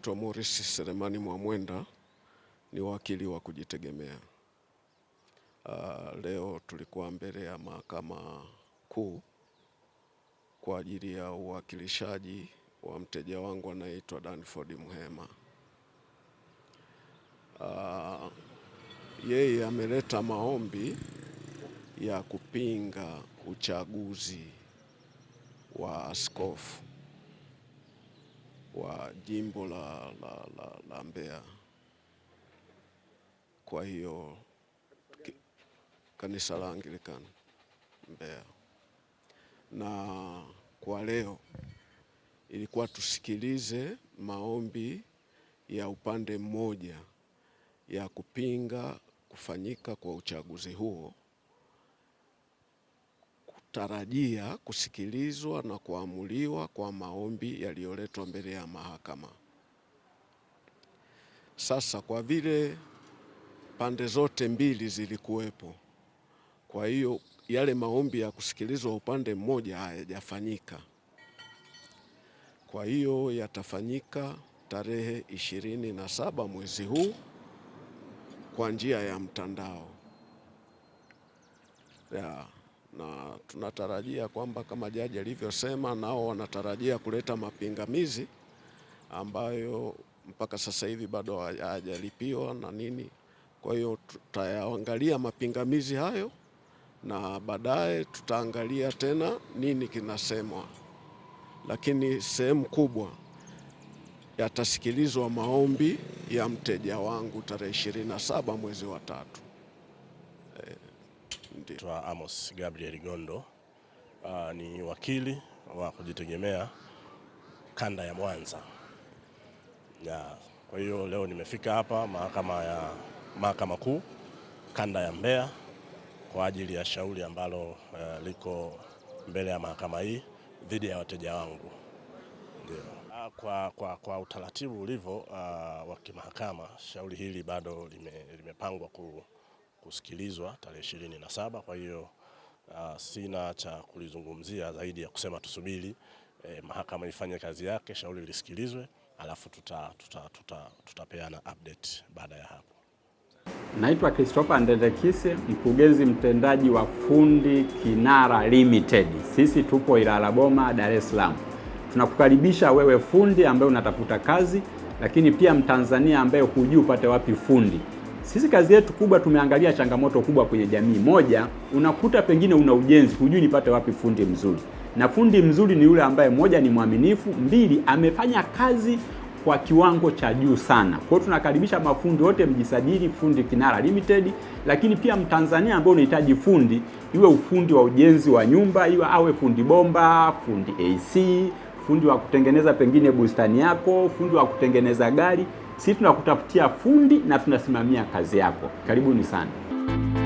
Naitwa Morris Selemani Mwamwenda, ni wakili wa kujitegemea. Uh, leo tulikuwa mbele ya Mahakama Kuu kwa ajili ya uwakilishaji wa mteja wangu anaitwa Danford Muhema. Uh, yeye ameleta maombi ya kupinga uchaguzi wa askofu kwa jimbo la, la, la, la Mbeya. Kwa hiyo kanisa la Anglikana Mbeya, na kwa leo ilikuwa tusikilize maombi ya upande mmoja ya kupinga kufanyika kwa uchaguzi huo tarajia kusikilizwa na kuamuliwa kwa maombi yaliyoletwa mbele ya mahakama. Sasa kwa vile pande zote mbili zilikuwepo, kwa hiyo yale maombi ya kusikilizwa upande mmoja hayajafanyika. Kwa hiyo yatafanyika tarehe ishirini na saba mwezi huu kwa njia ya mtandao ya na tunatarajia kwamba kama jaji alivyosema, nao wanatarajia kuleta mapingamizi ambayo mpaka sasa hivi bado hajalipiwa na nini. Kwa hiyo tutayaangalia mapingamizi hayo na baadaye tutaangalia tena nini kinasemwa, lakini sehemu kubwa yatasikilizwa maombi ya mteja wangu tarehe 27 mwezi wa tatu. Naitwa Amos Gabriel Gondo. Uh, ni wakili wa kujitegemea kanda ya Mwanza ya, kwa hiyo leo nimefika hapa mahakama ya mahakama kuu kanda ya Mbeya kwa ajili ya shauri ambalo uh, liko mbele ya mahakama hii dhidi ya wateja wangu ndio. Ah, kwa, kwa, kwa utaratibu ulivyo uh, wa kimahakama shauri hili bado lime, limepangwa ku kusikilizwa tarehe ishirini na saba. Kwa hiyo uh, sina cha kulizungumzia zaidi ya kusema tusubiri eh, mahakama ifanye kazi yake, shauri lisikilizwe, alafu tutapeana tuta, tuta, tuta update baada ya hapo. Naitwa Christopher Ndendekise, mkurugenzi mtendaji wa Fundi Kinara Limited. Sisi tupo Ilala Boma, Dar es Salaam. Tunakukaribisha wewe fundi ambaye unatafuta kazi, lakini pia Mtanzania ambaye hujui upate wapi fundi. Sisi kazi yetu kubwa tumeangalia changamoto kubwa kwenye jamii. Moja, unakuta pengine una ujenzi, hujui nipate wapi fundi mzuri, na fundi mzuri ni yule ambaye moja, ni mwaminifu; mbili, amefanya kazi kwa kiwango cha juu sana. Kwa hiyo tunakaribisha mafundi wote mjisajili Fundi Kinara Limited, lakini pia Mtanzania ambaye unahitaji fundi, iwe ufundi wa ujenzi wa nyumba, iwe awe fundi bomba, fundi AC, fundi wa kutengeneza pengine bustani yako, fundi wa kutengeneza gari sisi tunakutafutia fundi na tunasimamia kazi yako. Karibuni sana.